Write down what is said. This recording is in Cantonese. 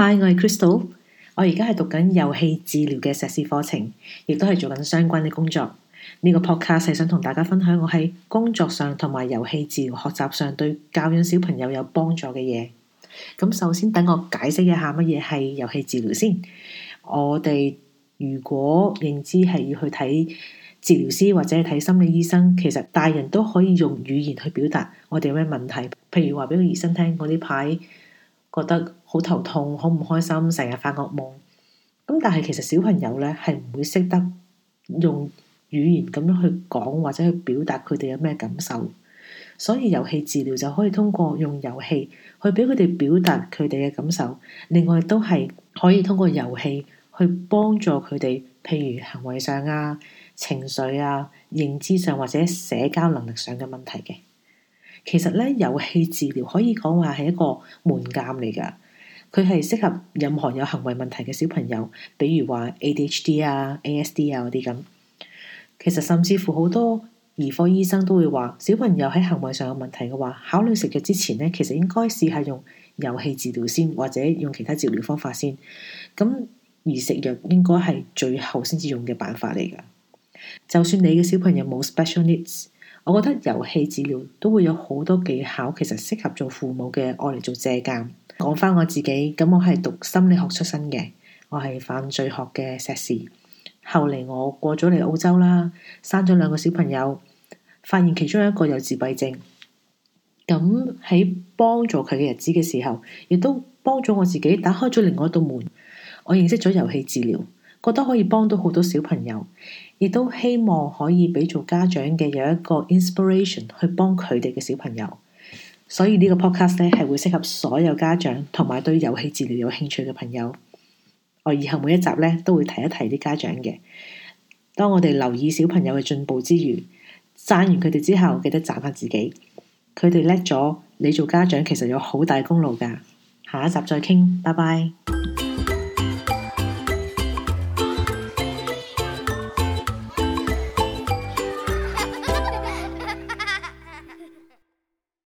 Hi，我係 Christal。我而家係讀緊遊戲治療嘅碩士課程，亦都係做緊相關嘅工作。呢個 podcast 係想同大家分享我喺工作上同埋遊戲治療學習上對教養小朋友有幫助嘅嘢。咁首先等我解釋一下乜嘢係遊戲治療先。我哋如果認知係要去睇治療師或者睇心理醫生，其實大人都可以用語言去表達我哋有咩問題。譬如話俾個醫生聽，我呢排覺得。好頭痛，好唔開心，成日發噩夢。咁但係其實小朋友呢，係唔會識得用語言咁樣去講或者去表達佢哋有咩感受。所以遊戲治療就可以通過用遊戲去俾佢哋表達佢哋嘅感受。另外都係可以通過遊戲去幫助佢哋，譬如行為上啊、情緒啊、認知上或者社交能力上嘅問題嘅。其實呢，遊戲治療可以講話係一個門檻嚟噶。佢係適合任何有行為問題嘅小朋友，比如話 ADHD 啊、ASD 啊嗰啲咁。其實甚至乎好多兒科醫生都會話，小朋友喺行為上有問題嘅話，考慮食藥之前呢，其實應該試下用遊戲治療先，或者用其他治療方法先。咁而食藥應該係最後先至用嘅辦法嚟噶。就算你嘅小朋友冇 special needs，我覺得遊戲治療都會有好多技巧，其實適合做父母嘅愛嚟做借鑑。講返我自己，咁我係讀心理學出身嘅，我係犯罪學嘅碩士。後嚟我過咗嚟澳洲啦，生咗兩個小朋友，發現其中一個有自閉症。咁喺幫助佢嘅日子嘅時候，亦都幫咗我自己打開咗另外一道門。我認識咗遊戲治療，覺得可以幫到好多小朋友，亦都希望可以畀做家長嘅有一個 inspiration 去幫佢哋嘅小朋友。所以呢個 podcast 咧係會適合所有家長同埋對遊戲治療有興趣嘅朋友。我以後每一集咧都會提一提啲家長嘅。當我哋留意小朋友嘅進步之餘，讚完佢哋之後，記得讚下自己。佢哋叻咗，你做家長其實有好大功勞㗎。下一集再傾，拜拜。